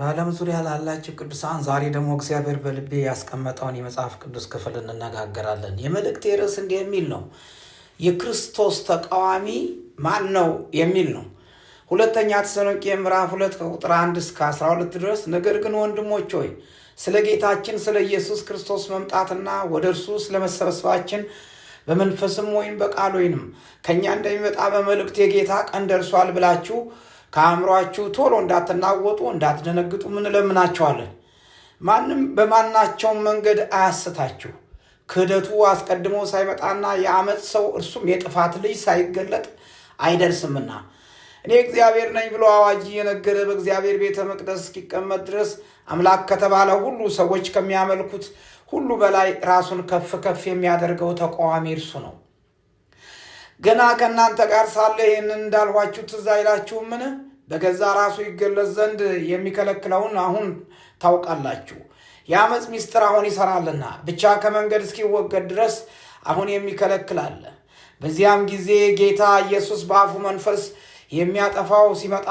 በዓለም ዙሪያ ላላችሁ ቅዱሳን ዛሬ ደግሞ እግዚአብሔር በልቤ ያስቀመጠውን የመጽሐፍ ቅዱስ ክፍል እንነጋገራለን። የመልእክት ርዕስ እንዲህ የሚል ነው፣ የክርስቶስ ተቃዋሚ ማን ነው የሚል ነው። ሁለተኛ ተሰሎንቄ ምዕራፍ ሁለት ከቁጥር አንድ እስከ ሁለት ድረስ። ነገር ግን ወንድሞች ሆይ ስለ ጌታችን ስለ ኢየሱስ ክርስቶስ መምጣትና ወደ እርሱ ስለ በመንፈስም ወይም በቃል ወይንም ከእኛ እንደሚመጣ በመልእክት የጌታ ቀን ደርሷል ብላችሁ ከአእምሯችሁ ቶሎ እንዳትናወጡ እንዳትደነግጡ እንለምናችኋለን። ማንም በማናቸውም መንገድ አያስታችሁ። ክህደቱ አስቀድሞ ሳይመጣና የአመፅ ሰው እርሱም የጥፋት ልጅ ሳይገለጥ አይደርስምና እኔ እግዚአብሔር ነኝ ብሎ አዋጅ የነገረ በእግዚአብሔር ቤተ መቅደስ እስኪቀመጥ ድረስ አምላክ ከተባለ ሁሉ ሰዎች ከሚያመልኩት ሁሉ በላይ ራሱን ከፍ ከፍ የሚያደርገው ተቃዋሚ እርሱ ነው። ገና ከእናንተ ጋር ሳለ ይህንን እንዳልኋችሁ ትዝ አይላችሁምን? በገዛ ራሱ ይገለጽ ዘንድ የሚከለክለውን አሁን ታውቃላችሁ። የአመፅ ሚስጥር አሁን ይሰራልና ብቻ ከመንገድ እስኪወገድ ድረስ አሁን የሚከለክል በዚያም ጊዜ ጌታ ኢየሱስ በአፉ መንፈስ የሚያጠፋው ሲመጣ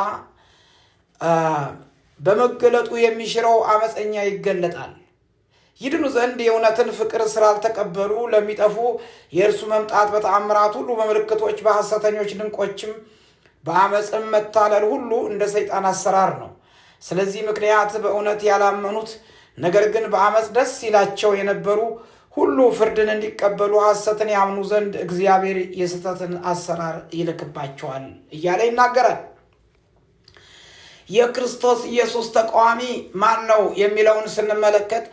በመገለጡ የሚሽረው አመፀኛ ይገለጣል። ይድኑ ዘንድ የእውነትን ፍቅር ስላልተቀበሉ ለሚጠፉ የእርሱ መምጣት በተአምራት ሁሉ በምልክቶች በሐሰተኞች ድንቆችም በአመፅም መታለል ሁሉ እንደ ሰይጣን አሰራር ነው። ስለዚህ ምክንያት በእውነት ያላመኑት ነገር ግን በአመፅ ደስ ይላቸው የነበሩ ሁሉ ፍርድን እንዲቀበሉ ሐሰትን ያምኑ ዘንድ እግዚአብሔር የስህተትን አሰራር ይልክባቸዋል እያለ ይናገራል። የክርስቶስ ኢየሱስ ተቃዋሚ ማን ነው የሚለውን ስንመለከት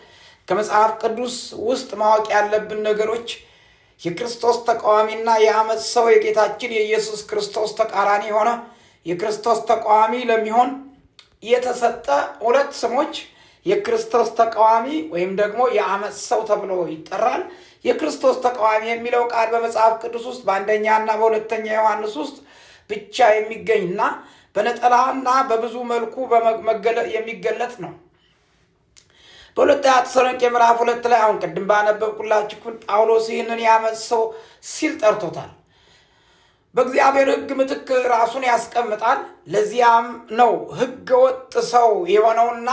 ከመጽሐፍ ቅዱስ ውስጥ ማወቅ ያለብን ነገሮች የክርስቶስ ተቃዋሚና የአመፅ ሰው የጌታችን የኢየሱስ ክርስቶስ ተቃራኒ የሆነ የክርስቶስ ተቃዋሚ ለሚሆን የተሰጠ ሁለት ስሞች የክርስቶስ ተቃዋሚ ወይም ደግሞ የአመፅ ሰው ተብሎ ይጠራል። የክርስቶስ ተቃዋሚ የሚለው ቃል በመጽሐፍ ቅዱስ ውስጥ በአንደኛ ና በሁለተኛ ዮሐንስ ውስጥ ብቻ የሚገኝና በነጠላና በብዙ መልኩ የሚገለጥ ነው። በሁለተኛ ተሰሎንቄ ምዕራፍ ሁለት ላይ አሁን ቅድም ባነበብኩላችሁ ክፍል ጳውሎስ ይህንን ያመፅ ሰው ሲል ጠርቶታል። በእግዚአብሔር ሕግ ምትክ ራሱን ያስቀምጣል። ለዚያም ነው ሕገ ወጥ ሰው የሆነውና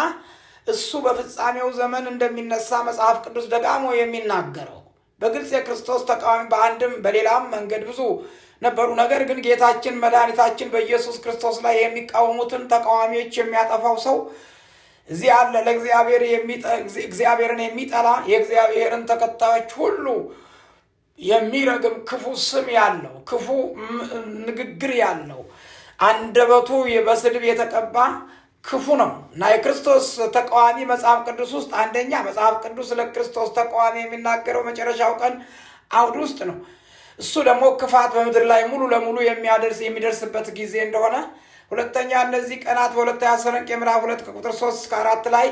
እሱ በፍጻሜው ዘመን እንደሚነሳ መጽሐፍ ቅዱስ ደጋሞ የሚናገረው። በግልጽ የክርስቶስ ተቃዋሚ በአንድም በሌላም መንገድ ብዙ ነበሩ። ነገር ግን ጌታችን መድኃኒታችን በኢየሱስ ክርስቶስ ላይ የሚቃወሙትን ተቃዋሚዎች የሚያጠፋው ሰው እዚህ አለ ለእግዚአብሔር እግዚአብሔርን የሚጠላ የእግዚአብሔርን ተከታዮች ሁሉ የሚረግም ክፉ ስም ያለው ክፉ ንግግር ያለው አንደበቱ በስድብ የተቀባ ክፉ ነው እና የክርስቶስ ተቃዋሚ መጽሐፍ ቅዱስ ውስጥ አንደኛ መጽሐፍ ቅዱስ ለክርስቶስ ተቃዋሚ የሚናገረው መጨረሻው ቀን አውድ ውስጥ ነው። እሱ ደግሞ ክፋት በምድር ላይ ሙሉ ለሙሉ የሚያደርስ የሚደርስበት ጊዜ እንደሆነ ሁለተኛ እነዚህ ቀናት በሁለት ተሰሎንቄ ምዕራፍ ሁለት ከቁጥር ሶስት እስከ አራት ላይ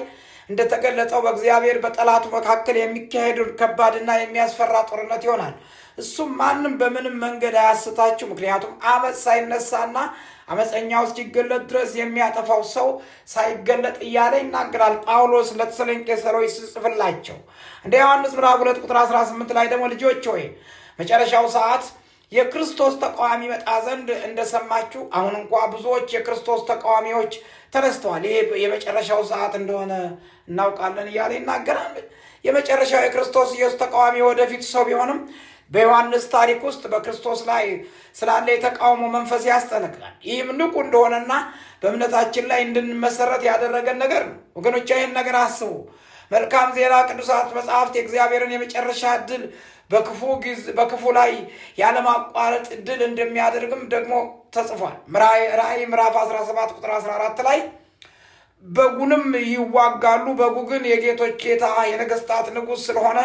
እንደተገለጸው በእግዚአብሔር በጠላቱ መካከል የሚካሄድ ከባድና የሚያስፈራ ጦርነት ይሆናል። እሱም ማንም በምንም መንገድ አያስታችሁ፣ ምክንያቱም አመፅ ሳይነሳና አመፀኛው እስኪገለጥ ድረስ የሚያጠፋው ሰው ሳይገለጥ እያለ ይናገራል ጳውሎስ ለተሰሎንቄ ሰዎች ሲጽፍላቸው። እንደ ዮሐንስ ምዕራፍ ሁለት ቁጥር 18 ላይ ደግሞ ልጆች ሆይ መጨረሻው ሰዓት የክርስቶስ ተቃዋሚ መጣ ዘንድ እንደሰማችሁ አሁን እንኳ ብዙዎች የክርስቶስ ተቃዋሚዎች ተነስተዋል። ይሄ የመጨረሻው ሰዓት እንደሆነ እናውቃለን እያለ ይናገራል። የመጨረሻው የክርስቶስ ኢየሱስ ተቃዋሚ ወደፊት ሰው ቢሆንም በዮሐንስ ታሪክ ውስጥ በክርስቶስ ላይ ስላለ የተቃውሞ መንፈስ ያስጠነቅቃል። ይህም ንቁ እንደሆነና በእምነታችን ላይ እንድንመሰረት ያደረገን ነገር ነው። ወገኖች ይህን ነገር አስቡ። መልካም ዜና፣ ቅዱሳት መጽሐፍት የእግዚአብሔርን የመጨረሻ ድል። በክፉ ጊዜ በክፉ ላይ ያለማቋረጥ ድል እንደሚያደርግም ደግሞ ተጽፏል። ራእይ ምዕራፍ 17 ቁጥር 14 ላይ በጉንም ይዋጋሉ፣ በጉ ግን የጌቶች ጌታ የነገስታት ንጉሥ ስለሆነ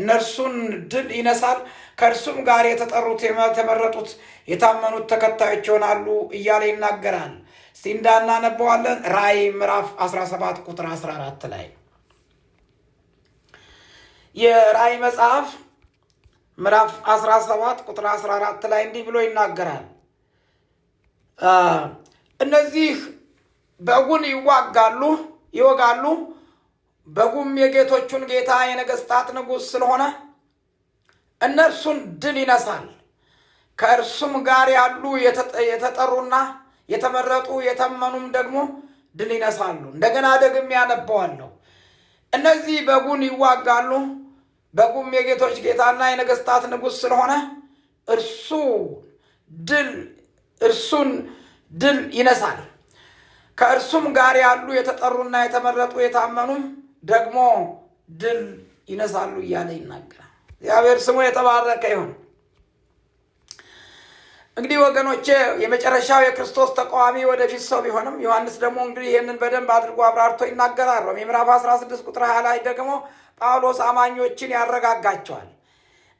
እነርሱን ድል ይነሳል፣ ከእርሱም ጋር የተጠሩት የተመረጡት የታመኑት ተከታዮች ይሆናሉ እያለ ይናገራል። እስቲ እንዳናነበዋለን። ራእይ ምዕራፍ 17 ቁጥር 14 ላይ የራእይ መጽሐፍ ምዕራፍ 17 ቁጥር 14 ላይ እንዲህ ብሎ ይናገራል። እነዚህ በጉን ይዋጋሉ ይወጋሉ፣ በጉም የጌቶቹን ጌታ የነገስታት ንጉሥ ስለሆነ እነርሱን ድል ይነሳል። ከእርሱም ጋር ያሉ የተጠሩና የተመረጡ የተመኑም ደግሞ ድል ይነሳሉ። እንደገና ደግሜ ያነበዋለሁ። እነዚህ በጉን ይዋጋሉ በጉም የጌቶች ጌታና የነገስታት ንጉሥ ስለሆነ እርሱ ድል እርሱን ድል ይነሳል። ከእርሱም ጋር ያሉ የተጠሩና የተመረጡ የታመኑም ደግሞ ድል ይነሳሉ እያለ ይናገራል። እግዚአብሔር ስሙ የተባረከ ይሁን። እንግዲህ ወገኖቼ የመጨረሻው የክርስቶስ ተቃዋሚ ወደፊት ሰው ቢሆንም ዮሐንስ ደግሞ እንግዲህ ይህንን በደንብ አድርጎ አብራርቶ ይናገራል። ሮሜ ምዕራፍ 16 ቁጥር 20 ላይ ደግሞ ጳውሎስ አማኞችን ያረጋጋቸዋል።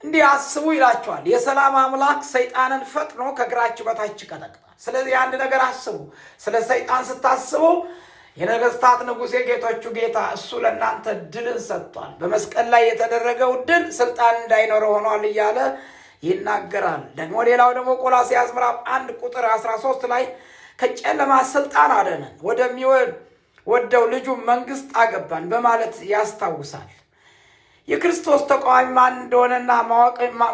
እንዲህ አስቡ ይላቸዋል። የሰላም አምላክ ሰይጣንን ፈጥኖ ከእግራችሁ በታች ይቀጠቅጣል። ስለዚህ አንድ ነገር አስቡ። ስለ ሰይጣን ስታስቡ የነገስታት ንጉሥ የጌቶቹ ጌታ እሱ ለእናንተ ድልን ሰጥቷል። በመስቀል ላይ የተደረገው ድል ስልጣን እንዳይኖረው ሆኗል እያለ ይናገራል። ደግሞ ሌላው ደግሞ ቆላስይስ ምዕራፍ አንድ ቁጥር 13 ላይ ከጨለማ ስልጣን አደነን ወደሚወድ ወደው ልጁ መንግስት አገባን በማለት ያስታውሳል። የክርስቶስ ተቃዋሚ ማን እንደሆነና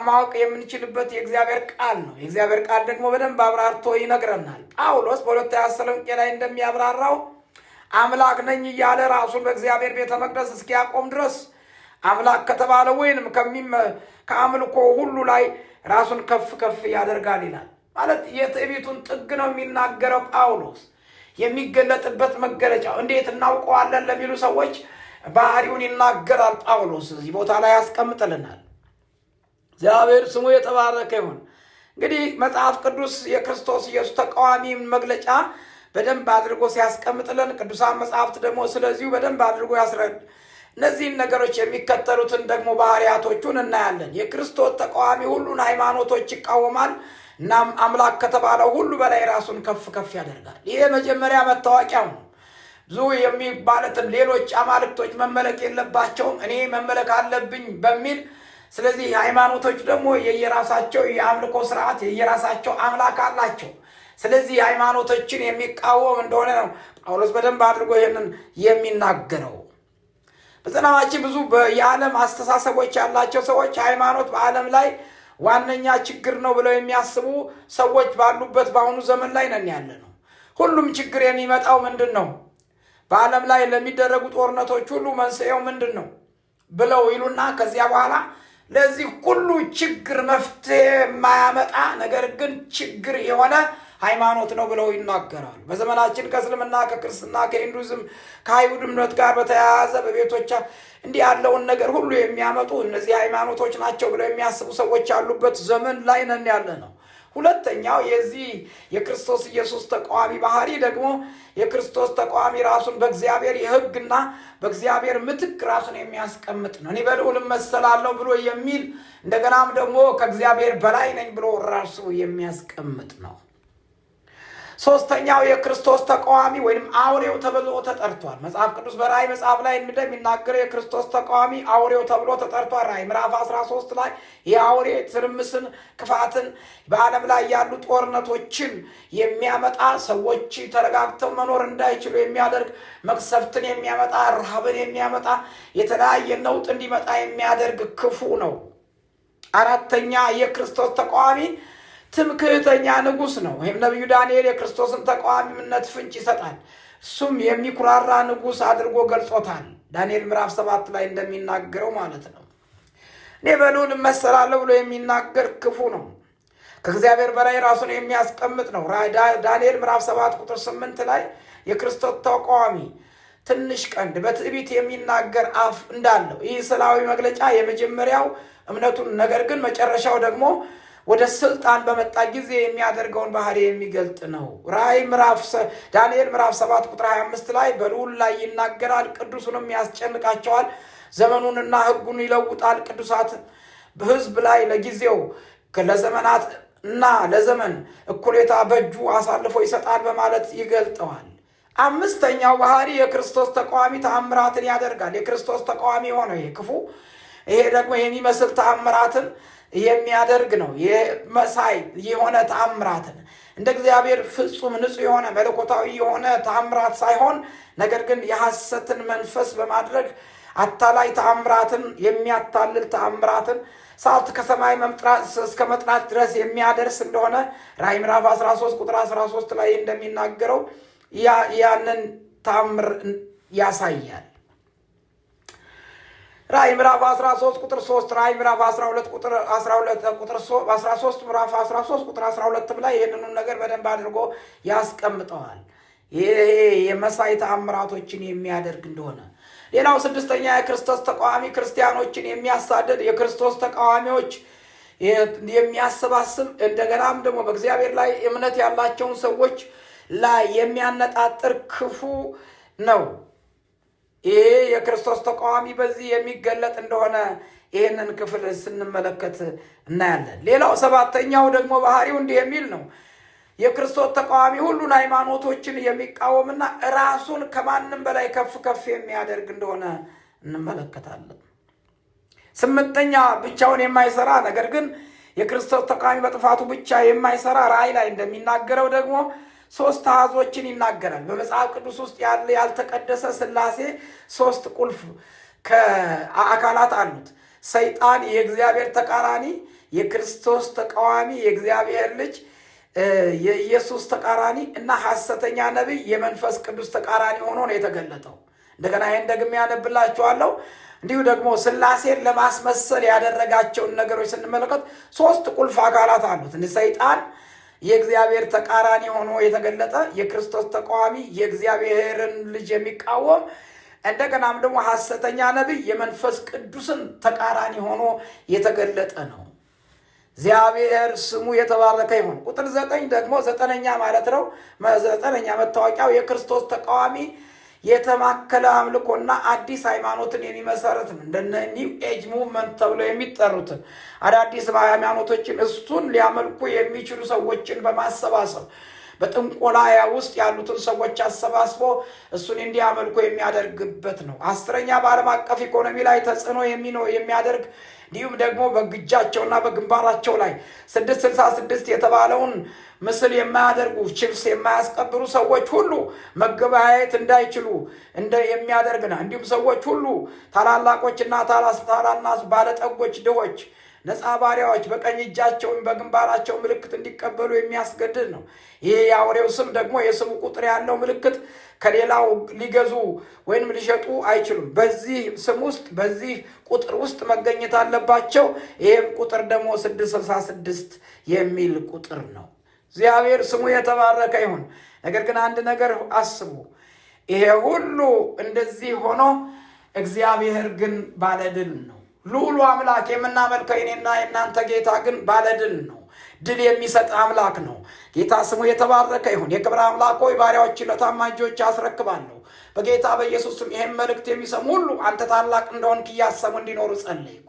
ማወቅ የምንችልበት የእግዚአብሔር ቃል ነው። የእግዚአብሔር ቃል ደግሞ በደንብ አብራርቶ ይነግረናል። ጳውሎስ በሁለት ተሰሎንቄ ላይ እንደሚያብራራው አምላክ ነኝ እያለ ራሱን በእግዚአብሔር ቤተ መቅደስ እስኪያቆም ድረስ አምላክ ከተባለ ወይንም ከአምልኮ ሁሉ ላይ ራሱን ከፍ ከፍ ያደርጋል ይላል። ማለት የትዕቢቱን ጥግ ነው የሚናገረው ጳውሎስ። የሚገለጥበት መገለጫው እንዴት እናውቀዋለን ለሚሉ ሰዎች ባህሪውን ይናገራል ጳውሎስ እዚህ ቦታ ላይ ያስቀምጥልናል። እግዚአብሔር ስሙ የተባረከ ይሁን። እንግዲህ መጽሐፍ ቅዱስ የክርስቶስ ኢየሱስ ተቃዋሚ መግለጫ በደንብ አድርጎ ሲያስቀምጥልን፣ ቅዱሳን መጽሐፍት ደግሞ ስለዚሁ በደንብ አድርጎ ያስረድ እነዚህን ነገሮች የሚከተሉትን ደግሞ ባህሪያቶቹን እናያለን። የክርስቶስ ተቃዋሚ ሁሉን ሃይማኖቶች ይቃወማል። እና አምላክ ከተባለው ሁሉ በላይ ራሱን ከፍ ከፍ ያደርጋል። ይሄ መጀመሪያ መታወቂያው ነው። ዙ የሚባለትም ሌሎች አማልክቶች መመለክ የለባቸውም እኔ መመለክ አለብኝ በሚል ስለዚህ ሃይማኖቶች ደግሞ የየራሳቸው የአምልኮ ስርዓት የየራሳቸው አምላክ አላቸው። ስለዚህ ሃይማኖቶችን የሚቃወም እንደሆነ ነው ጳውሎስ በደንብ አድርጎ ይህንን የሚናገረው። በዘመናችን ብዙ የዓለም አስተሳሰቦች ያላቸው ሰዎች ሃይማኖት በዓለም ላይ ዋነኛ ችግር ነው ብለው የሚያስቡ ሰዎች ባሉበት በአሁኑ ዘመን ላይ ነን ያለ ነው። ሁሉም ችግር የሚመጣው ምንድን ነው በዓለም ላይ ለሚደረጉ ጦርነቶች ሁሉ መንስኤው ምንድን ነው ብለው ይሉና ከዚያ በኋላ ለዚህ ሁሉ ችግር መፍትሄ የማያመጣ ነገር ግን ችግር የሆነ ሃይማኖት ነው ብለው ይናገራሉ። በዘመናችን ከእስልምና ከክርስትና፣ ከሂንዱዝም ከአይሁድ እምነት ጋር በተያያዘ በቤቶች እንዲህ ያለውን ነገር ሁሉ የሚያመጡ እነዚህ ሃይማኖቶች ናቸው ብለው የሚያስቡ ሰዎች ያሉበት ዘመን ላይ ነን ያለ ነው። ሁለተኛው የዚህ የክርስቶስ ኢየሱስ ተቃዋሚ ባህሪ ደግሞ የክርስቶስ ተቃዋሚ ራሱን በእግዚአብሔር የህግና በእግዚአብሔር ምትክ ራሱን የሚያስቀምጥ ነው። እኔ በልዑል እመሰላለሁ ብሎ የሚል እንደገናም ደግሞ ከእግዚአብሔር በላይ ነኝ ብሎ ራሱ የሚያስቀምጥ ነው። ሶስተኛው የክርስቶስ ተቃዋሚ ወይም አውሬው ተብሎ ተጠርቷል። መጽሐፍ ቅዱስ በራእይ መጽሐፍ ላይ እንደሚናገረው የክርስቶስ ተቃዋሚ አውሬው ተብሎ ተጠርቷል። ራእይ ምዕራፍ 13 ላይ የአውሬ ትርምስን፣ ክፋትን፣ በዓለም ላይ ያሉ ጦርነቶችን የሚያመጣ ሰዎች ተረጋግተው መኖር እንዳይችሉ የሚያደርግ መቅሰፍትን የሚያመጣ ረሃብን የሚያመጣ የተለያየ ነውጥ እንዲመጣ የሚያደርግ ክፉ ነው። አራተኛ የክርስቶስ ተቃዋሚ ትምክህተኛ ንጉሥ ነው። ወይም ነቢዩ ዳንኤል የክርስቶስን ተቃዋሚነት ፍንጭ ይሰጣል። እሱም የሚኩራራ ንጉስ አድርጎ ገልጾታል። ዳንኤል ምዕራፍ ሰባት ላይ እንደሚናገረው ማለት ነው። እኔ በልዑል እመሰላለሁ ብሎ የሚናገር ክፉ ነው። ከእግዚአብሔር በላይ ራሱን የሚያስቀምጥ ነው። ዳንኤል ምዕራፍ ሰባት ቁጥር ስምንት ላይ የክርስቶስ ተቃዋሚ ትንሽ ቀንድ በትዕቢት የሚናገር አፍ እንዳለው ይህ ስላዊ መግለጫ የመጀመሪያው እምነቱን ነገር ግን መጨረሻው ደግሞ ወደ ስልጣን በመጣ ጊዜ የሚያደርገውን ባህሪ የሚገልጥ ነው። ራእይ ምዕራፍ ዳንኤል ምዕራፍ 7 ቁጥር 25 ላይ በልዑል ላይ ይናገራል፣ ቅዱሱንም ያስጨንቃቸዋል፣ ዘመኑንና ሕጉን ይለውጣል። ቅዱሳት በሕዝብ ላይ ለጊዜው ለዘመናት እና ለዘመን እኩሌታ በእጁ አሳልፎ ይሰጣል በማለት ይገልጠዋል። አምስተኛው ባህሪ የክርስቶስ ተቃዋሚ ተአምራትን ያደርጋል። የክርስቶስ ተቃዋሚ የሆነው ይህ ክፉ ይሄ ደግሞ የሚመስል ተአምራትን የሚያደርግ ነው። መሳይ የሆነ ተአምራትን እንደ እግዚአብሔር ፍጹም ንጹሕ የሆነ መለኮታዊ የሆነ ተአምራት ሳይሆን ነገር ግን የሐሰትን መንፈስ በማድረግ አታላይ ተአምራትን የሚያታልል ተአምራትን ሰዓት ከሰማይ እስከ መጥናት ድረስ የሚያደርስ እንደሆነ ራዕይ ምዕራፍ 13 ቁጥር 13 ላይ እንደሚናገረው ያንን ተአምር ያሳያል። ራእይ ምዕራፍ 13 ቁጥር 3 ራእይ ምዕራፍ 12 ቁጥር 12 ቁጥር 13 ምዕራፍ 13 ቁጥር 12 ላይ ይህንኑን ነገር በደንብ አድርጎ ያስቀምጠዋል። ይሄ የመሳይ ተአምራቶችን የሚያደርግ እንደሆነ ሌላው ስድስተኛ የክርስቶስ ተቃዋሚ ክርስቲያኖችን የሚያሳደድ የክርስቶስ ተቃዋሚዎች የሚያሰባስብ እንደገናም ደግሞ በእግዚአብሔር ላይ እምነት ያላቸውን ሰዎች ላይ የሚያነጣጥር ክፉ ነው። ይህ የክርስቶስ ተቃዋሚ በዚህ የሚገለጥ እንደሆነ ይህንን ክፍል ስንመለከት እናያለን። ሌላው ሰባተኛው ደግሞ ባህሪው እንዲህ የሚል ነው። የክርስቶስ ተቃዋሚ ሁሉን ሃይማኖቶችን የሚቃወምና ራሱን ከማንም በላይ ከፍ ከፍ የሚያደርግ እንደሆነ እንመለከታለን። ስምንተኛ ብቻውን የማይሰራ ነገር ግን የክርስቶስ ተቃዋሚ በጥፋቱ ብቻ የማይሰራ ራእይ ላይ እንደሚናገረው ደግሞ ሶስት አሃዞችን ይናገራል። በመጽሐፍ ቅዱስ ውስጥ ያለ ያልተቀደሰ ስላሴ ሶስት ቁልፍ አካላት አሉት። ሰይጣን የእግዚአብሔር ተቃራኒ፣ የክርስቶስ ተቃዋሚ፣ የእግዚአብሔር ልጅ የኢየሱስ ተቃራኒ እና ሐሰተኛ ነቢይ የመንፈስ ቅዱስ ተቃራኒ ሆኖ ነው የተገለጠው። እንደገና ይህን ደግሜ ያነብላችኋለሁ። እንዲሁ ደግሞ ስላሴን ለማስመሰል ያደረጋቸውን ነገሮች ስንመለከት ሶስት ቁልፍ አካላት አሉት ሰይጣን የእግዚአብሔር ተቃራኒ ሆኖ የተገለጠ የክርስቶስ ተቃዋሚ የእግዚአብሔርን ልጅ የሚቃወም እንደገናም ደግሞ ሐሰተኛ ነቢይ የመንፈስ ቅዱስን ተቃራኒ ሆኖ የተገለጠ ነው። እግዚአብሔር ስሙ የተባረከ ይሁን። ቁጥር ዘጠኝ ደግሞ ዘጠነኛ ማለት ነው። ዘጠነኛ መታወቂያው የክርስቶስ ተቃዋሚ የተማከለ አምልኮና አዲስ ሃይማኖትን የሚመሰረትን እንደነ ኒው ኤጅ ሙቭመንት ተብለው የሚጠሩትን አዳዲስ ሃይማኖቶችን እሱን ሊያመልኩ የሚችሉ ሰዎችን በማሰባሰብ በጥንቆላያ ውስጥ ያሉትን ሰዎች አሰባስቦ እሱን እንዲያመልኩ የሚያደርግበት ነው። አስረኛ በዓለም አቀፍ ኢኮኖሚ ላይ ተጽዕኖ የሚያደርግ እንዲሁም ደግሞ በግጃቸውና በግንባራቸው ላይ ስድስት ስልሳ ስድስት የተባለውን ምስል የማያደርጉ ችብስ የማያስቀብሩ ሰዎች ሁሉ መገበያየት እንዳይችሉ እንደ የሚያደርግ ነው። እንዲሁም ሰዎች ሁሉ ታላላቆችና ታላናስ ባለጠጎች ድሆች ነፃ ባሪያዎች በቀኝ እጃቸውን በግንባራቸው ምልክት እንዲቀበሉ የሚያስገድድ ነው። ይህ የአውሬው ስም ደግሞ የስሙ ቁጥር ያለው ምልክት ከሌላው ሊገዙ ወይም ሊሸጡ አይችሉም። በዚህ ስም ውስጥ በዚህ ቁጥር ውስጥ መገኘት አለባቸው። ይህም ቁጥር ደግሞ 666 የሚል ቁጥር ነው። እግዚአብሔር ስሙ የተባረከ ይሁን። ነገር ግን አንድ ነገር አስቡ። ይሄ ሁሉ እንደዚህ ሆኖ እግዚአብሔር ግን ባለድል ነው። ልዑሉ አምላክ የምናመልከው እኔና የእናንተ ጌታ ግን ባለድል ነው። ድል የሚሰጥ አምላክ ነው። ጌታ ስሙ የተባረከ ይሁን። የክብር አምላክ ሆይ ባሪያዎችን ለታማኝ እጆች አስረክባለሁ። በጌታ በኢየሱስም ይህን መልእክት የሚሰሙ ሁሉ አንተ ታላቅ እንደሆንክ እያሰሙ እንዲኖሩ ጸለይኩ።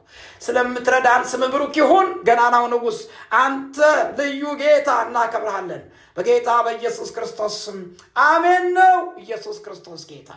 ስለምትረዳን ስም ብሩክ ይሁን። ገናናው ንጉሥ አንተ ልዩ ጌታ እናከብርሃለን። በጌታ በኢየሱስ ክርስቶስ ስም አሜን። ነው ኢየሱስ ክርስቶስ ጌታ